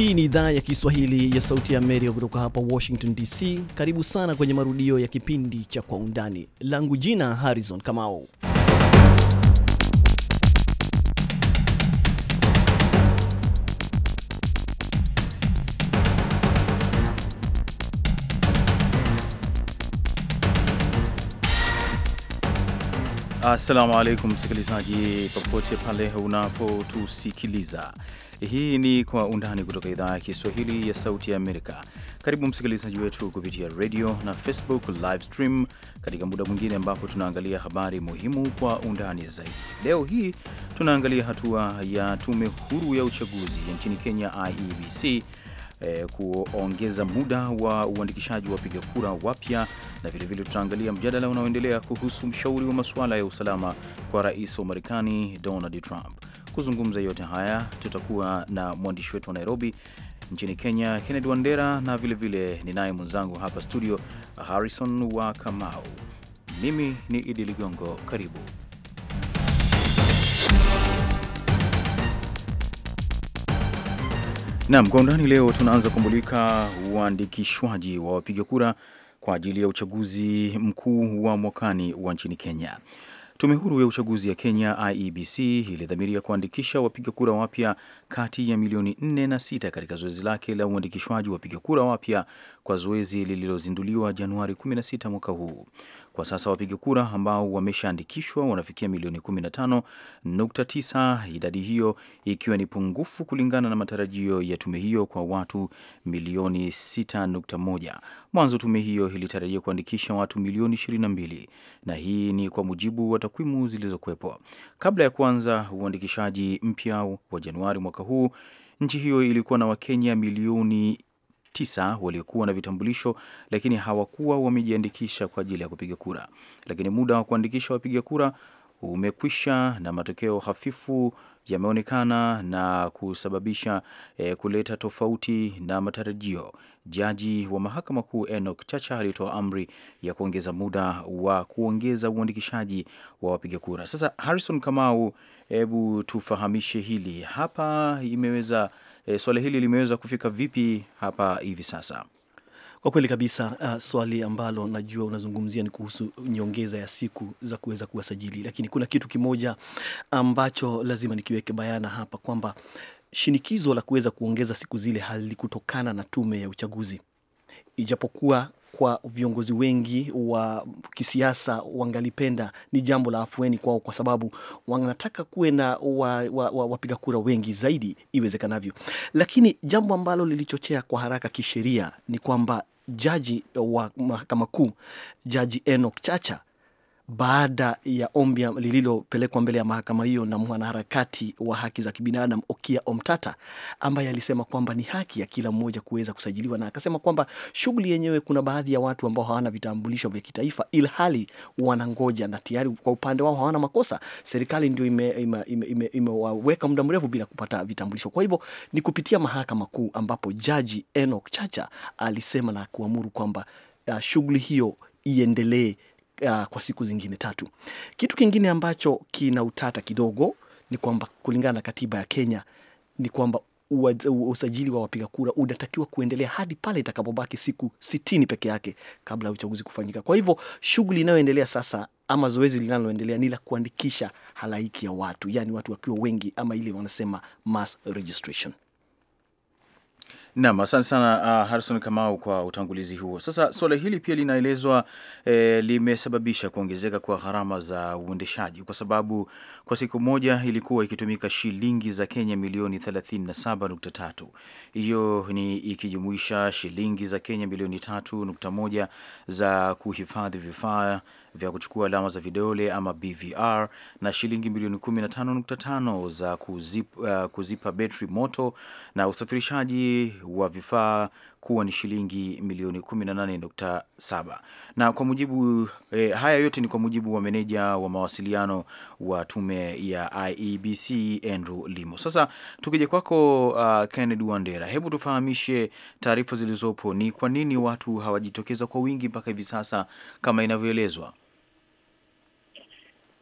Hii ni idhaa ya Kiswahili ya Sauti ya Amerika kutoka hapa Washington DC. Karibu sana kwenye marudio ya kipindi cha Kwa Undani. Langu jina Harrison Kamau. Assalamu alaikum msikilizaji, popote pale unapotusikiliza. Hii ni Kwa Undani kutoka idhaa ya Kiswahili ya Sauti ya Amerika. Karibu msikilizaji wetu kupitia radio na Facebook live stream katika muda mwingine ambapo tunaangalia habari muhimu kwa undani zaidi. Leo hii tunaangalia hatua ya tume huru ya uchaguzi nchini Kenya, IEBC eh, kuongeza muda wa uandikishaji wa wapiga kura wapya, na vilevile tutaangalia mjadala unaoendelea kuhusu mshauri wa masuala ya usalama kwa rais wa Marekani Donald Trump. Kuzungumza yote haya, tutakuwa na mwandishi wetu wa Nairobi nchini Kenya Kennedy Wandera, na vilevile ninaye mwenzangu hapa studio Harrison wa Kamau. Mimi ni Idi Ligongo, karibu. Naam, kwa undani leo tunaanza kumulika uandikishwaji wa wapiga kura kwa ajili ya uchaguzi mkuu wa mwakani wa nchini Kenya. Tume huru ya uchaguzi ya Kenya IEBC ilidhamiria kuandikisha wapiga kura wapya kati ya milioni nne na sita katika zoezi lake la uandikishwaji wapiga kura wapya kwa zoezi lililozinduliwa Januari 16 mwaka huu. Kwa sasa wapiga kura ambao wameshaandikishwa wanafikia milioni 15.9, idadi hiyo ikiwa ni pungufu kulingana na matarajio ya tume hiyo kwa watu milioni 6.1. Mwanzo tume hiyo ilitarajia kuandikisha watu milioni 22, na hii ni kwa mujibu wa takwimu zilizokuwepo kabla ya kuanza uandikishaji mpya wa Januari mwaka huu. Nchi hiyo ilikuwa na Wakenya milioni tisa waliokuwa na vitambulisho lakini hawakuwa wamejiandikisha kwa ajili ya kupiga kura, lakini muda wa kuandikisha wapiga kura umekwisha na matokeo hafifu yameonekana na kusababisha e, kuleta tofauti na matarajio. Jaji wa mahakama kuu Enoch Chacha alitoa amri ya kuongeza muda wa kuongeza uandikishaji wa wapiga kura. Sasa Harrison Kamau, hebu tufahamishe hili hapa imeweza e, eh, swala hili limeweza kufika vipi hapa hivi sasa? Kwa kweli kabisa, uh, swali ambalo najua unazungumzia ni kuhusu nyongeza ya siku za kuweza kuwasajili, lakini kuna kitu kimoja ambacho lazima nikiweke bayana hapa kwamba shinikizo la kuweza kuongeza siku zile halikutokana na tume ya uchaguzi, ijapokuwa kwa viongozi wengi wa kisiasa wangalipenda ni jambo la afueni kwao, kwa sababu wanataka kuwe na wapiga wa, wa, wa kura wengi zaidi iwezekanavyo. Lakini jambo ambalo lilichochea kwa haraka kisheria ni kwamba jaji wa mahakama kuu, Jaji Enoch Chacha baada ya ombi lililopelekwa mbele ya mahakama hiyo na mwanaharakati wa haki za kibinadamu Okia Omtata, ambaye alisema kwamba ni haki ya kila mmoja kuweza kusajiliwa, na akasema kwamba shughuli yenyewe, kuna baadhi ya watu ambao hawana vitambulisho vya kitaifa, ilhali wanangoja na tayari kwa upande wao hawana makosa. Serikali ndio imewaweka ime, ime, ime, ime muda mrefu bila kupata vitambulisho. Kwa hivyo ni kupitia mahakama kuu ambapo jaji Enoch Chacha alisema na kuamuru kwamba uh, shughuli hiyo iendelee uh, kwa siku zingine tatu. Kitu kingine ambacho kina utata kidogo ni kwamba kulingana na katiba ya Kenya ni kwamba usajili wa wapiga kura unatakiwa kuendelea hadi pale itakapobaki siku sitini peke yake kabla ya uchaguzi kufanyika. Kwa hivyo shughuli inayoendelea sasa ama zoezi linaloendelea ni la kuandikisha halaiki ya watu, yaani watu wakiwa wengi, ama ile wanasema mass registration nam asante sana uh, Harrison Kamau kwa utangulizi huo. Sasa suala hili pia linaelezwa eh, limesababisha kuongezeka kwa gharama za uendeshaji kwa sababu kwa siku moja ilikuwa ikitumika shilingi za Kenya milioni 37.3. Hiyo ni ikijumuisha shilingi za Kenya milioni 3.1 za kuhifadhi vifaa vya kuchukua alama za vidole ama BVR na shilingi milioni 15.5 za kuzip, uh, kuzipa betri moto na usafirishaji wa vifaa kuwa ni shilingi milioni 18.7. Na kwa mujibu eh, haya yote ni kwa mujibu wa meneja wa mawasiliano wa tume ya IEBC Andrew Limo. Sasa tukija kwako, uh, Kennedy Wandera, hebu tufahamishe taarifa zilizopo, ni kwa nini watu hawajitokeza kwa wingi mpaka hivi sasa kama inavyoelezwa?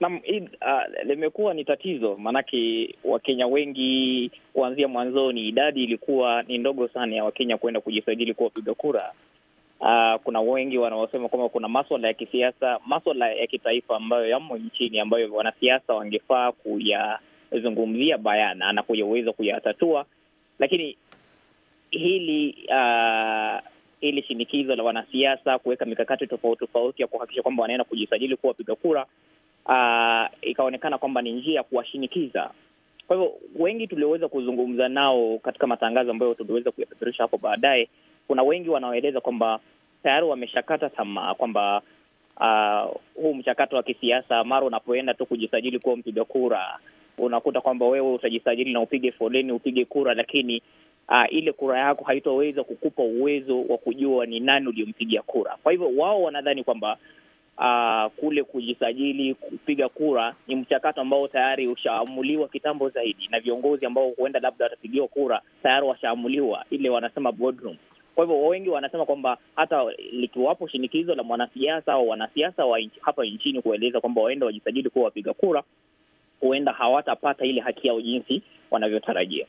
Naam, uh, limekuwa ni tatizo maanake Wakenya wengi kuanzia mwanzoni idadi ilikuwa ni ndogo sana ya Wakenya kuenda kujisajili kuwa wapiga kura. Uh, kuna wengi wanaosema kwamba kuna maswala ya kisiasa, maswala ya kitaifa ambayo yamo nchini ambayo wanasiasa wangefaa kuyazungumzia bayana na kuyaweza kuyatatua, lakini hili uh, hili shinikizo la wanasiasa kuweka mikakati tofauti tofauti ya kuhakikisha kwamba wanaenda kujisajili kuwa wapiga kura uh, ikaonekana kwamba ni njia ya kuwashinikiza. Kwa hivyo wengi tulioweza kuzungumza nao katika matangazo ambayo tuliweza kuyapeperusha hapo baadaye, kuna wengi wanaoeleza kwamba tayari wameshakata tamaa kwamba uh, huu mchakato wa kisiasa mara unapoenda tu kujisajili kuwa mpiga kura unakuta kwamba wewe utajisajili na upige foleni upige kura, lakini uh, ile kura yako haitoweza kukupa uwezo wa kujua ni nani uliyompigia kura. Kwa hivyo wao wanadhani kwamba uh, kule kujisajili kupiga kura ni mchakato ambao tayari ushaamuliwa kitambo zaidi, na viongozi ambao huenda labda watapigiwa kura tayari washaamuliwa, ile wanasema boardroom. Kwa hivyo wengi wanasema kwamba hata likiwapo shinikizo la mwanasiasa au wanasiasa wa inchi, hapa nchini kueleza kwamba waenda wajisajili kuwa wapiga kura, huenda hawatapata ile haki yao jinsi wanavyotarajia.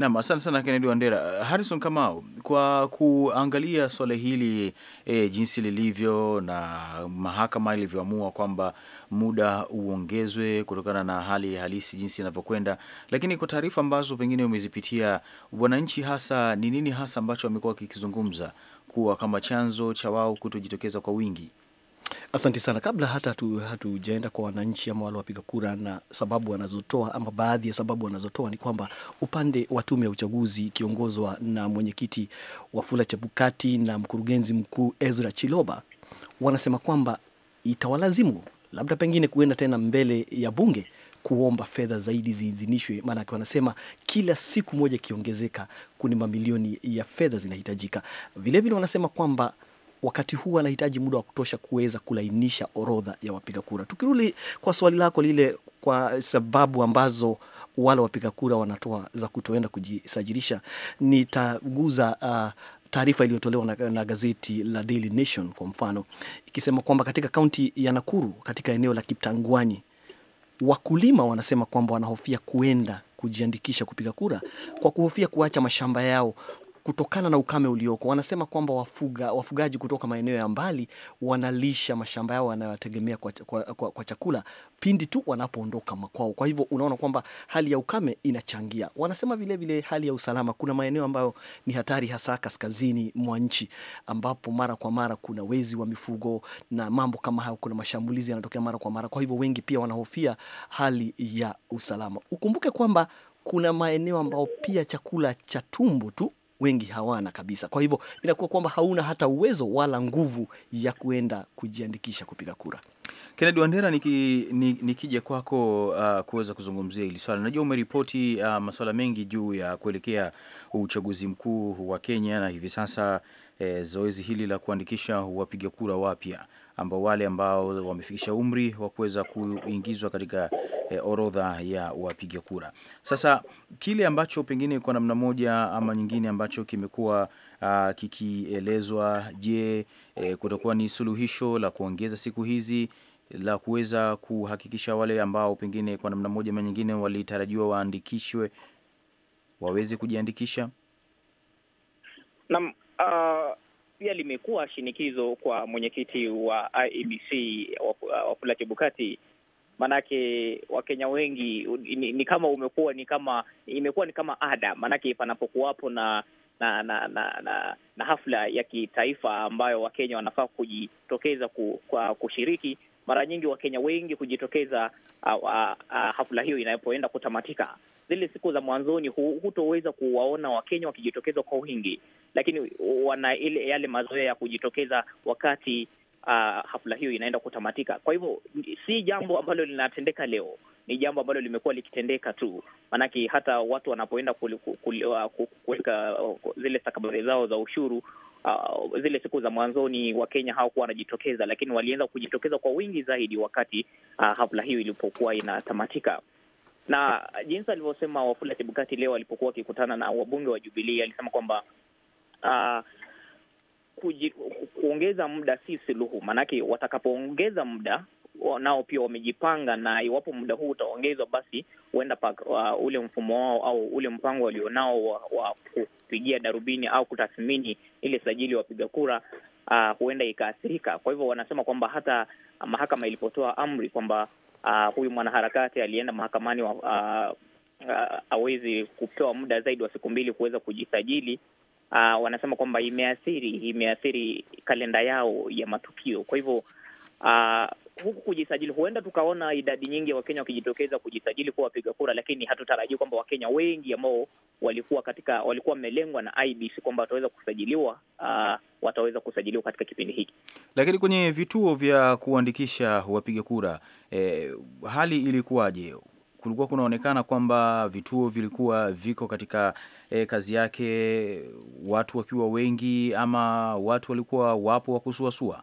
Nam, asante sana Kennedy Wandera. Harrison Kamau, kwa kuangalia swala hili e, jinsi lilivyo na mahakama ilivyoamua kwamba muda uongezwe kutokana na hali halisi jinsi inavyokwenda, lakini kwa taarifa ambazo pengine umezipitia, wananchi hasa ni nini hasa ambacho wamekuwa wakikizungumza kuwa kama chanzo cha wao kutojitokeza kwa wingi? Asante sana. Kabla hata hatujaenda kwa wananchi ama wale wapiga kura na sababu wanazotoa ama baadhi ya sababu wanazotoa ni kwamba upande wa tume ya uchaguzi ikiongozwa na mwenyekiti Wafula Chebukati na mkurugenzi mkuu Ezra Chiloba wanasema kwamba itawalazimu labda pengine kuenda tena mbele ya bunge kuomba fedha zaidi ziidhinishwe, maanake wanasema kila siku moja ikiongezeka, kuni mamilioni ya fedha zinahitajika. Vilevile wanasema kwamba wakati huu anahitaji muda wa kutosha kuweza kulainisha orodha ya wapiga kura. Tukirudi kwa swali lako lile, kwa sababu ambazo wale wapiga kura wanatoa za kutoenda kujisajilisha, nitaguza uh, taarifa iliyotolewa na, na gazeti la Daily Nation kwa mfano ikisema kwamba katika kaunti ya Nakuru katika eneo la Kiptangwanyi wakulima wanasema kwamba wanahofia kuenda kujiandikisha kupiga kura kwa kuhofia kuacha mashamba yao kutokana na ukame ulioko. Wanasema kwamba wafuga, wafugaji kutoka maeneo ya mbali wanalisha mashamba yao wanayotegemea kwa, kwa, kwa, kwa chakula pindi tu wanapoondoka makwao. Kwa hivyo unaona kwamba hali ya ukame inachangia. Wanasema vilevile vile hali ya usalama, kuna maeneo ambayo ni hatari, hasa kaskazini mwa nchi ambapo mara kwa mara kuna wezi wa mifugo na mambo kama hayo, kuna mashambulizi yanatokea mara kwa mara. Kwa hivyo wengi pia wanahofia hali ya usalama. Ukumbuke kwamba kuna maeneo ambayo pia chakula cha tumbo tu wengi hawana kabisa. Kwa hivyo inakuwa kwamba hauna hata uwezo wala nguvu ya kuenda kujiandikisha kupiga kura. Kennedy Wandera, nikija niki, kwako uh, kuweza kuzungumzia hili swala. Najua umeripoti uh, masuala mengi juu ya kuelekea uchaguzi mkuu wa Kenya na hivi sasa eh, zoezi hili la kuandikisha wapiga kura wapya ambao wale ambao wamefikisha umri wa kuweza kuingizwa katika eh, orodha ya wapiga kura. Sasa kile ambacho pengine kwa namna moja ama nyingine ambacho kimekuwa uh, kikielezwa, je, eh, kutakuwa ni suluhisho la kuongeza siku hizi la kuweza kuhakikisha wale ambao pengine kwa namna moja ama nyingine walitarajiwa waandikishwe waweze kujiandikisha nam uh ah, pia limekuwa shinikizo kwa mwenyekiti wa IEBC Wafula Chebukati maanake Wakenya wengi ni, ni kama umekuwa ni kama imekuwa ni kama ada, maanake panapokuwapo na na na, na na na hafla ya kitaifa ambayo Wakenya wanafaa kujitokeza ku, kwa kushiriki, mara nyingi Wakenya wengi hujitokeza hafla hiyo inapoenda kutamatika. Zile siku za mwanzoni hutoweza kuwaona Wakenya wakijitokeza kwa wingi, lakini wana ile yale mazoea ya kujitokeza wakati uh, hafla hiyo inaenda kutamatika. Kwa hivyo si jambo ambalo linatendeka leo, ni jambo ambalo limekuwa likitendeka tu, maanake hata watu wanapoenda uh, kuweka uh, zile stakabadhi zao za ushuru uh, zile siku za mwanzoni Wakenya hawakuwa wanajitokeza, lakini walianza kujitokeza kwa wingi zaidi wakati uh, hafla hiyo ilipokuwa inatamatika na jinsi alivyosema Wafula Chebukati leo alipokuwa akikutana na wabunge wa Jubilii alisema kwamba uh, kuji, kuongeza muda si suluhu, maanake watakapoongeza muda nao pia wamejipanga, na iwapo muda huu utaongezwa, basi huenda uh, ule mfumo wao au ule mpango walionao wa, wa kupigia darubini au kutathmini ile sajili wapiga kura uh, huenda ikaathirika. Kwa hivyo wanasema kwamba hata mahakama ilipotoa amri kwamba uh, huyu mwanaharakati alienda mahakamani wa, uh, ah, uh, awezi kupewa muda zaidi wa siku mbili kuweza kujisajili uh, wanasema kwamba imeathiri imeathiri kalenda yao ya matukio. Kwa hivyo uh, huku kujisajili, huenda tukaona idadi nyingi ya Wakenya wakijitokeza kujisajili kuwa wapiga kura, lakini hatutarajii kwamba Wakenya wengi ambao walikuwa katika walikuwa wamelengwa na IBC kwamba wataweza kusajiliwa uh, wataweza kusajiliwa katika kipindi hiki. Lakini kwenye vituo vya kuandikisha wapiga kura eh, hali ilikuwaje? kulikuwa kunaonekana kwamba vituo vilikuwa viko katika e, kazi yake, watu wakiwa wengi ama watu walikuwa wapo wa kusuasua?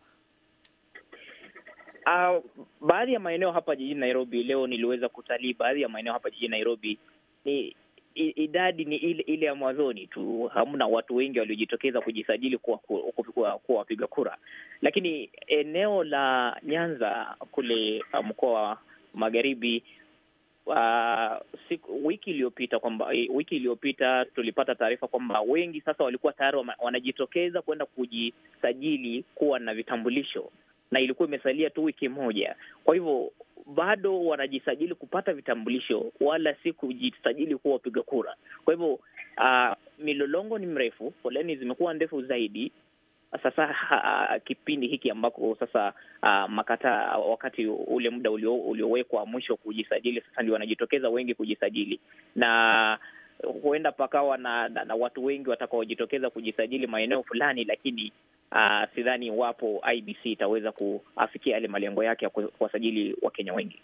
Uh, baadhi ya maeneo hapa jijini Nairobi leo niliweza kutalii baadhi ya maeneo hapa jijini Nairobi, ni idadi ni ile ile ya mwanzoni tu, hamna watu wengi waliojitokeza kujisajili kuwa, kuwa, kuwa wapiga kura, lakini eneo la Nyanza kule ah, mkoa wa Magharibi uh, siku, wiki iliyopita kwamba eh, wiki iliyopita tulipata taarifa kwamba wengi sasa walikuwa tayari wanajitokeza kwenda kujisajili kuwa na vitambulisho, na ilikuwa imesalia tu wiki moja. Kwa hivyo bado wanajisajili kupata vitambulisho, wala si kujisajili kuwa wapiga kura. Kwa hivyo uh, milolongo ni mrefu, foleni zimekuwa ndefu zaidi, sasa ha, kipindi hiki ambako sasa uh, makata wakati ule muda uliowekwa mwisho kujisajili, sasa ndio wanajitokeza wengi kujisajili na huenda pakawa na, na, na watu wengi watakaojitokeza kujisajili maeneo fulani, lakini uh, sidhani iwapo IBC itaweza kuafikia yale malengo yake ya kuwasajili Wakenya wengi.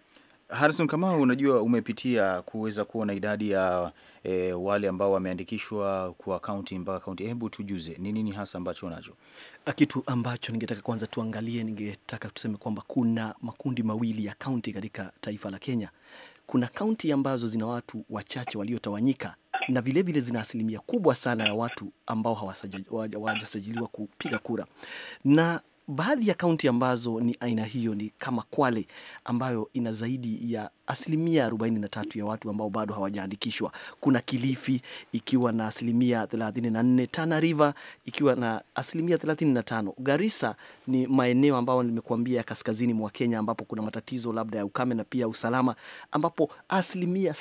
Harrison Kamau, unajua umepitia kuweza kuona idadi ya e, wale ambao wameandikishwa kwa kaunti mpaka kaunti. Hebu tujuze ni nini hasa ambacho unacho? Ah, kitu ambacho ningetaka kwanza tuangalie, ningetaka tuseme kwamba kuna makundi mawili ya kaunti katika taifa la Kenya. Kuna kaunti ambazo zina watu wachache waliotawanyika na vilevile vile zina asilimia kubwa sana ya watu ambao hawajasajiliwa kupiga kura, na baadhi ya kaunti ambazo ni aina hiyo ni kama Kwale ambayo ina zaidi ya asilimia 43 ya watu ambao bado hawajaandikishwa. Kuna Kilifi ikiwa na asilimia 34, Tana River ikiwa na asilimia 35. Garissa ni maeneo ambayo nimekuambia ya kaskazini mwa Kenya ambapo kuna matatizo labda ya ukame na pia usalama, ambapo asilimia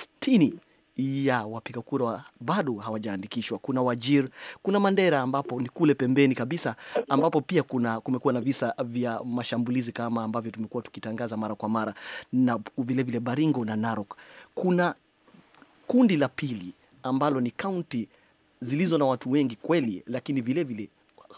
ya wapiga kura bado hawajaandikishwa. Kuna Wajir, kuna Mandera ambapo ni kule pembeni kabisa ambapo pia kuna kumekuwa na visa vya mashambulizi kama ambavyo tumekuwa tukitangaza mara kwa mara, na vilevile vile Baringo na Narok. Kuna kundi la pili ambalo ni kaunti zilizo na watu wengi kweli, lakini vilevile vile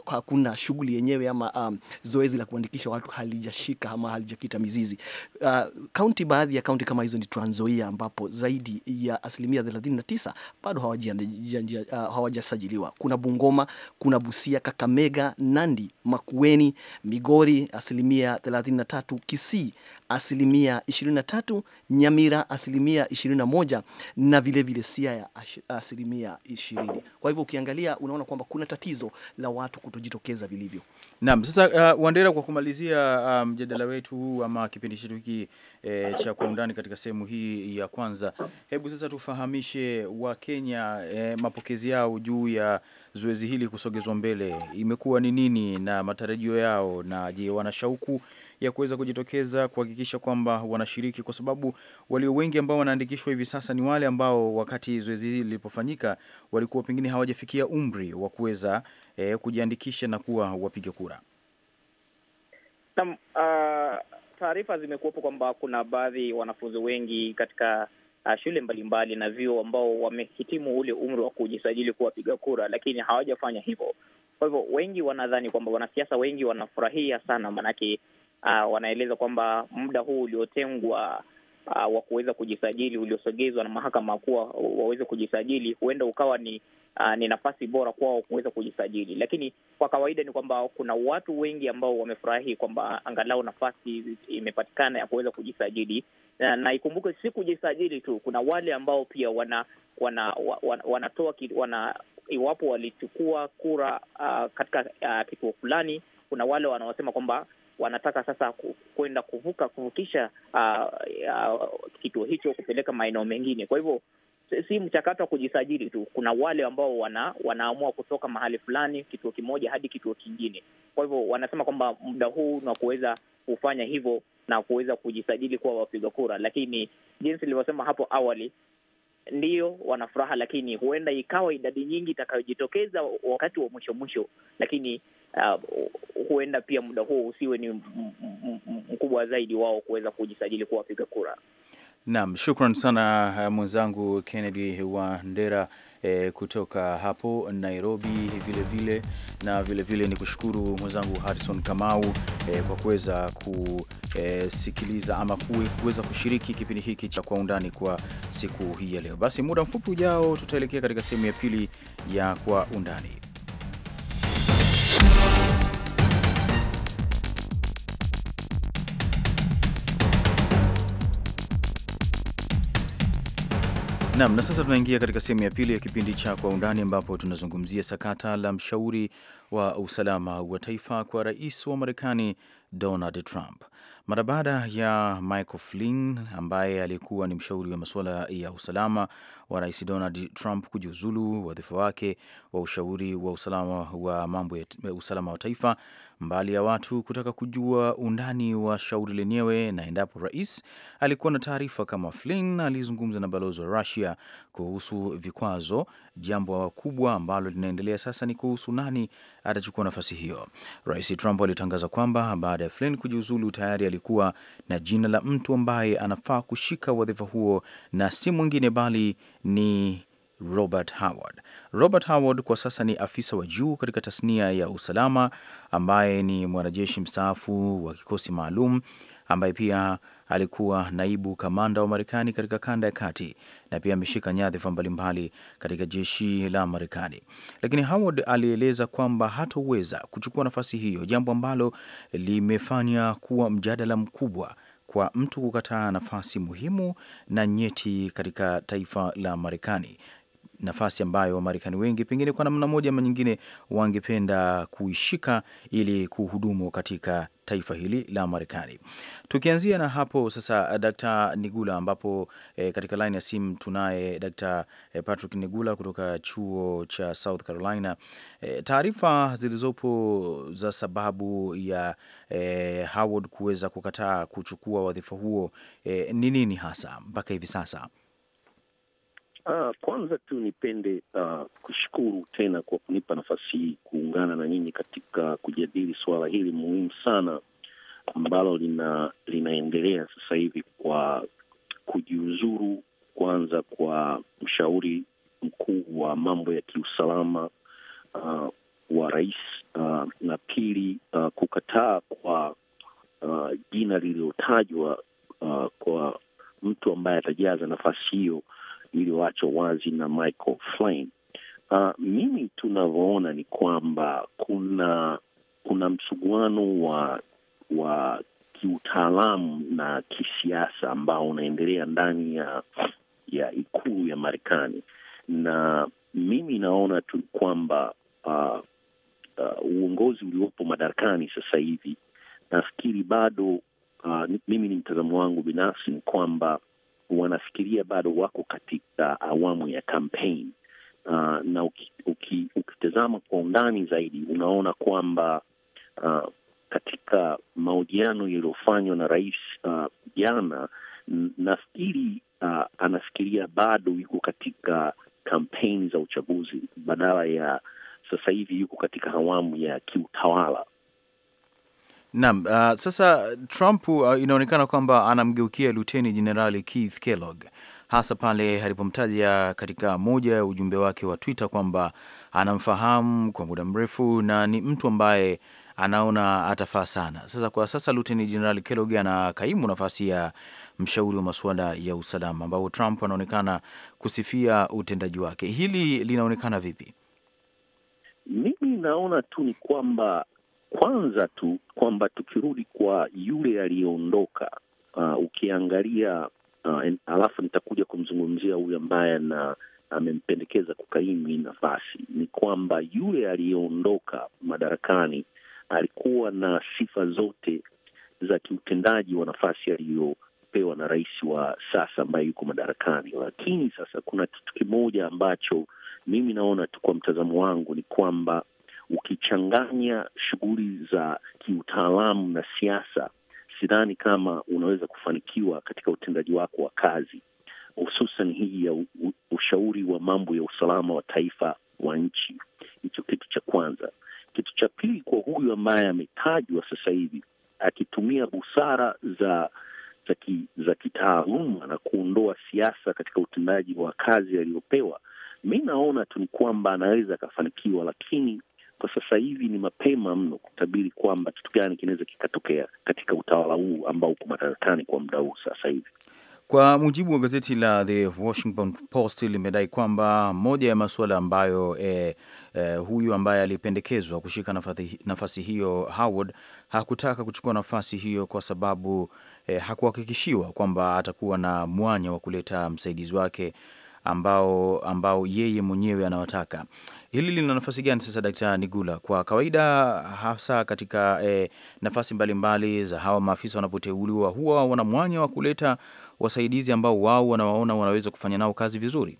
hakuna shughuli yenyewe ama um, zoezi la kuandikisha watu halijashika ama halijakita mizizi. Uh, kaunti baadhi ya kaunti kama hizo ni Trans Nzoia ambapo zaidi ya asilimia 39 bado uh, hawajasajiliwa. Kuna Bungoma, kuna Busia, Kakamega, Nandi, Makueni, Migori asilimia 33, Kisii asilimia 23, Nyamira asilimia 21 na vilevile Siaya asilimia 20. Kwa hivyo ukiangalia unaona kwamba kuna tatizo la watu kutojitokeza vilivyo. Naam, sasa uh, Wandera, kwa kumalizia uh, mjadala um, wetu ama kipindi chetu hiki e, cha kwa undani katika sehemu hii ya kwanza. Hebu sasa tufahamishe Wakenya e, mapokezi yao juu ya zoezi hili kusogezwa mbele imekuwa ni nini na matarajio yao, na je, wana shauku ya kuweza kujitokeza kuhakikisha kwamba wanashiriki, kwa sababu walio wengi ambao wanaandikishwa hivi sasa ni wale ambao wakati zoezi hili lilipofanyika walikuwa pengine hawajafikia umri wa kuweza e, kujiandikisha na kuwa wapiga kura. Naam, uh, taarifa zimekuwepo kwamba kuna baadhi wanafunzi wengi katika uh, shule mbalimbali na vyuo ambao wamehitimu ule umri wa kujisajili kuwapiga kura, lakini hawajafanya hivyo. Kwa hivyo wengi wanadhani kwamba wanasiasa wengi wanafurahia sana, maanake uh, wanaeleza kwamba muda huu uliotengwa Uh, wa kuweza kujisajili uliosogezwa na mahakama kuwa waweze kujisajili, huenda ukawa ni uh, ni nafasi bora kwao kuweza kujisajili. Lakini kwa kawaida ni kwamba kuna watu wengi ambao wamefurahi kwamba angalau nafasi imepatikana ya kuweza kujisajili na, na ikumbuke si kujisajili tu, kuna wale ambao pia wana wana wanatoa wana, wana, iwapo walichukua kura uh, katika uh, kituo fulani, kuna wale wanaosema kwamba wanataka sasa kwenda kuvuka kuvukisha uh, uh, kituo hicho kupeleka maeneo mengine. Kwa hivyo si mchakato wa kujisajili tu, kuna wale ambao wana, wanaamua kutoka mahali fulani kituo kimoja hadi kituo kingine. Kwa hivyo wanasema kwamba muda huu ni wa kuweza kufanya hivyo na kuweza kujisajili kuwa wapiga kura, lakini jinsi ilivyosema hapo awali, ndio wana furaha, lakini huenda ikawa idadi nyingi itakayojitokeza wakati wa mwisho mwisho, lakini uh, huenda pia muda huo usiwe ni mkubwa zaidi wao kuweza kujisajili kuwa wapiga kura. Naam, shukran sana eh, mwenzangu Kennedy Ndera e, eh, kutoka hapo Nairobi vilevile vile, na vilevile vile ni kushukuru mwenzangu Harrison Kamau e, kwa kuweza kusikiliza ama kuweza kushiriki kipindi hiki cha Kwa Undani kwa siku hii ya leo. Basi muda mfupi ujao tutaelekea katika sehemu ya pili ya Kwa Undani. Nam, na sasa tunaingia katika sehemu ya pili ya kipindi cha Kwa Undani, ambapo tunazungumzia sakata la mshauri wa usalama wa taifa kwa rais wa Marekani Donald Trump mara baada ya Michael Flynn ambaye alikuwa ni mshauri wa masuala ya usalama wa Rais Donald Trump kujiuzulu wadhifa wake wa ushauri wa usalama wa mambo ya usalama wa taifa, mbali ya watu kutaka kujua undani wa shauri lenyewe na endapo rais alikuwa na taarifa kama Flynn alizungumza na balozi wa Russia kuhusu vikwazo Jambo kubwa ambalo linaendelea sasa ni kuhusu nani atachukua nafasi hiyo. Rais Trump alitangaza kwamba baada ya Flynn kujiuzulu tayari alikuwa na jina la mtu ambaye anafaa kushika wadhifa huo na si mwingine bali ni Robert Howard. Robert Howard kwa sasa ni afisa wa juu katika tasnia ya usalama ambaye ni mwanajeshi mstaafu wa kikosi maalum ambaye pia alikuwa naibu kamanda wa Marekani katika kanda ya kati na pia ameshika nyadhifa mbalimbali katika jeshi la Marekani. Lakini Howard alieleza kwamba hatoweza kuchukua nafasi hiyo, jambo ambalo limefanya kuwa mjadala mkubwa kwa mtu kukataa nafasi muhimu na nyeti katika taifa la Marekani nafasi ambayo Wamarekani wengi pengine kwa namna moja ama nyingine wangependa kuishika ili kuhudumu katika taifa hili la Marekani. Tukianzia na hapo sasa, Dkt. Nigula, ambapo e, katika laini ya simu tunaye Dkt. Patrick Nigula kutoka chuo cha South Carolina. E, taarifa zilizopo za sababu ya e, Howard kuweza kukataa kuchukua wadhifa huo ni e, nini hasa mpaka hivi sasa? Uh, kwanza tu nipende uh, kushukuru tena kwa kunipa nafasi hii kuungana na nyinyi katika kujadili suala hili muhimu sana ambalo lina, linaendelea sasa hivi kwa kujiuzuru kwanza kwa mshauri mkuu wa mambo ya kiusalama uh, wa rais uh, na pili uh, kukataa kwa uh, jina lililotajwa uh, kwa mtu ambaye atajaza nafasi hiyo iliyoachwa wazi na Michael Flynn. Uh, mimi tunavyoona ni kwamba kuna kuna msuguano wa wa kiutaalamu na kisiasa ambao unaendelea ndani ya ya ikulu ya Marekani, na mimi naona tu kwamba uh, uh, uongozi uliopo madarakani sasa hivi nafikiri bado uh, mimi ni mtazamo wangu binafsi ni kwamba wanafikiria bado wako katika awamu ya kampeni uh, ah, na uki, uki, ukitazama kwa undani zaidi unaona kwamba uh, katika mahojiano yaliyofanywa na rais ah, jana uh, nafikiri uh, anafikiria bado yuko katika kampeni za uchaguzi badala ya sasa hivi yuko katika awamu ya kiutawala Naam, uh, sasa Trump uh, inaonekana kwamba anamgeukia Luteni Jenerali Keith Kellogg hasa pale alipomtaja katika moja ya ujumbe wake wa Twitter kwamba anamfahamu kwa muda mrefu na ni mtu ambaye anaona atafaa sana. Sasa kwa sasa Luteni Jenerali Kellogg anakaimu nafasi ya mshauri wa masuala ya usalama, ambapo Trump anaonekana kusifia utendaji wake. Hili linaonekana vipi? Mimi naona tu ni kwamba kwanza tu kwamba tukirudi kwa yule aliyeondoka, uh, ukiangalia uh, alafu nitakuja kumzungumzia huyu ambaye na amempendekeza kukaimu hii nafasi, ni kwamba yule aliyeondoka madarakani alikuwa na sifa zote za kiutendaji wa nafasi aliyopewa na rais wa sasa ambaye yuko madarakani. Lakini sasa kuna kitu kimoja ambacho mimi naona tu kwa mtazamo wangu ni kwamba ukichanganya shughuli za kiutaalamu na siasa, sidhani kama unaweza kufanikiwa katika utendaji wako wa kazi, hususan hii ya ushauri wa mambo ya usalama wa taifa wa nchi. Hicho kitu cha kwanza. Kitu cha pili, kwa huyu ambaye ametajwa sasa hivi, akitumia busara za za, ki, za kitaaluma na kuondoa siasa katika utendaji wa kazi aliyopewa, mi naona tu ni kwamba anaweza akafanikiwa, lakini kwa sasa hivi ni mapema mno kutabiri kwamba kitu gani kinaweza kikatokea katika utawala huu ambao uko madarakani kwa muda huu sasa hivi. Kwa mujibu wa gazeti la The Washington Post limedai kwamba moja ya masuala ambayo eh, eh, huyu ambaye alipendekezwa kushika nafasi, nafasi hiyo Howard hakutaka kuchukua nafasi hiyo kwa sababu eh, hakuhakikishiwa kwamba atakuwa na mwanya wa kuleta msaidizi wake ambao, ambao yeye mwenyewe anawataka. Hili lina nafasi gani sasa, Daktari Nigula? Kwa kawaida hasa katika eh, nafasi mbalimbali mbali za hawa maafisa wanapoteuliwa, huwa wana mwanya wa kuleta wasaidizi ambao wao wanawaona wanaweza kufanya nao kazi vizuri.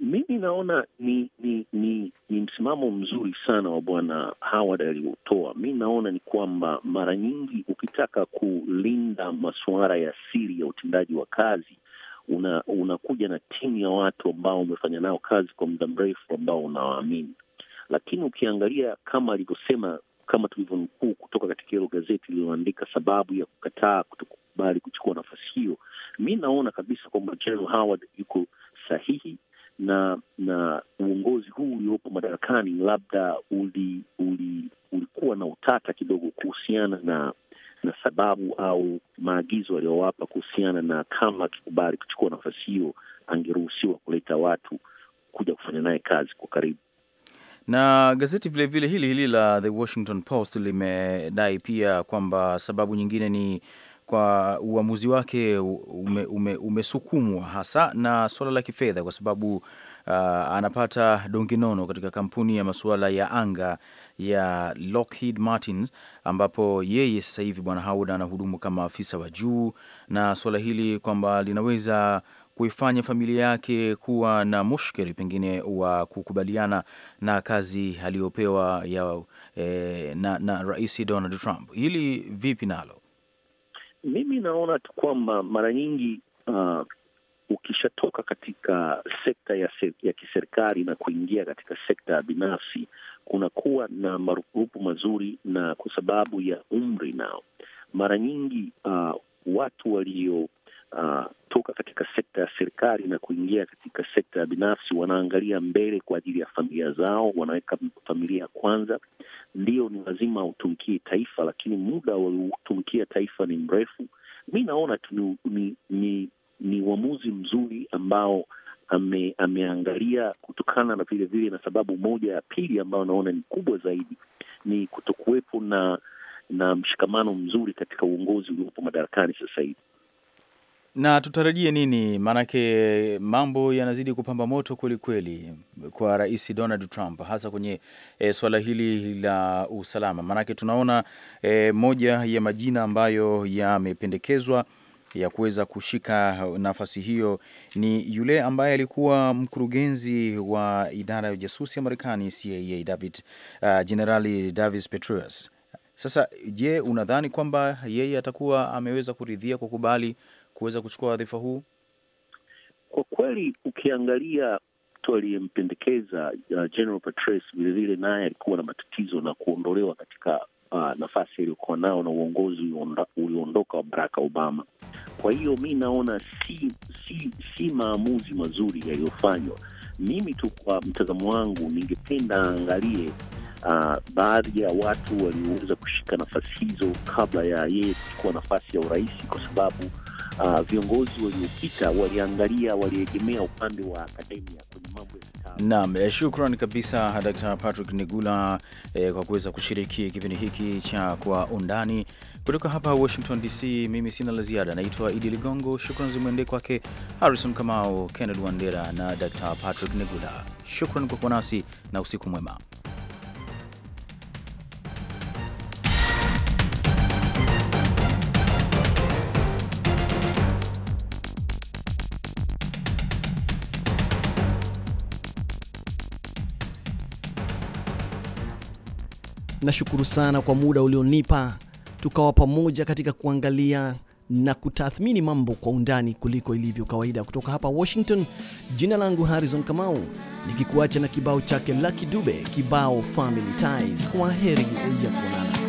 Mimi naona ni ni ni, ni msimamo mzuri sana wa Bwana Howard aliotoa. Mi naona ni kwamba mara nyingi ukitaka kulinda masuala ya siri ya utendaji wa kazi unakuja una na timu ya watu ambao umefanya nao kazi kwa muda mrefu ambao unawaamini. Lakini ukiangalia kama alivyosema, kama tulivyonukuu kutoka katika hilo gazeti lililoandika sababu ya kukataa kutokubali kuchukua nafasi hiyo, mi naona kabisa kwamba General Howard yuko sahihi na na uongozi huu uliopo madarakani labda uli, uli, ulikuwa na utata kidogo kuhusiana na na sababu au maagizo aliyowapa kuhusiana na kama akikubali kuchukua nafasi hiyo, angeruhusiwa kuleta watu kuja kufanya naye kazi kwa karibu. Na gazeti vilevile hili hili la The Washington Post limedai pia kwamba sababu nyingine ni kwa uamuzi wake umesukumwa ume, ume hasa na suala la kifedha, kwa sababu uh, anapata donginono katika kampuni ya masuala ya anga ya Lockheed Martin, ambapo yeye sasa hivi bwana Howard anahudumu kama afisa wa juu, na suala hili kwamba linaweza kuifanya familia yake kuwa na mushkeli pengine wa kukubaliana na kazi aliyopewa ya e, na, na Rais Donald Trump. Hili vipi nalo? Mimi naona tu kwamba mara nyingi uh, ukishatoka katika sekta ya, se, ya kiserikali na kuingia katika sekta ya binafsi kunakuwa na marupurupu mazuri, na kwa sababu ya umri nao mara nyingi uh, watu waliotoka Uh, katika sekta ya serikali na kuingia katika sekta ya binafsi, wanaangalia mbele kwa ajili ya familia zao, wanaweka familia kwanza. Ndio, ni lazima utumikie taifa, lakini muda wa utumikia taifa ni mrefu. Mi naona tu ni, ni, ni ni uamuzi mzuri ambao ame, ameangalia kutokana na vile vile, na sababu moja ya pili ambayo naona ni kubwa zaidi ni kutokuwepo na na mshikamano mzuri katika uongozi uliopo madarakani sasa hivi. Na tutarajie nini? Maanake mambo yanazidi kupamba moto kwelikweli kwa Rais Donald Trump, hasa kwenye e, eh, suala hili la usalama. Maanake tunaona e, moja ya majina ambayo yamependekezwa ya kuweza kushika nafasi hiyo ni yule ambaye alikuwa mkurugenzi wa idara ya ujasusi ya Marekani CIA, David uh, Generali Davis Petraeus. Sasa je, unadhani kwamba yeye atakuwa ameweza kuridhia kukubali kuweza kuchukua wadhifa huu? Kwa kweli ukiangalia mtu aliyempendekeza uh, General Petraeus vilevile naye alikuwa na matatizo na kuondolewa katika uh, nafasi iliyokuwa nao na uongozi ulioondoka wa Barack Obama. Kwa hiyo mi naona si, si, si maamuzi mazuri yaliyofanywa. Mimi tu kwa mtazamo wangu, ningependa angalie uh, baadhi ya watu walioweza kushika nafasi hizo kabla ya yeye kuchukua nafasi ya urais, kwa sababu uh, viongozi waliopita waliangalia, waliegemea upande wa akademia kwenye mambo ya Naam, eh, shukran kabisa Dr. Patrick Nigula eh, kwa kuweza kushiriki kipindi hiki cha Kwa Undani kutoka hapa Washington DC. Mimi sina la ziada, naitwa Idi Ligongo. Shukran zimwendee kwake Harrison Kamau, kenned Wandera na Dr. Patrick Nigula. Shukran kwa kuwa nasi na usiku mwema. Nashukuru sana kwa muda ulionipa tukawa pamoja katika kuangalia na kutathmini mambo kwa undani kuliko ilivyo kawaida. Kutoka hapa Washington, jina langu Harrison Kamau, nikikuacha na kibao chake Lucky Dube, kibao Family Ties. Kwa heri ya kuonana.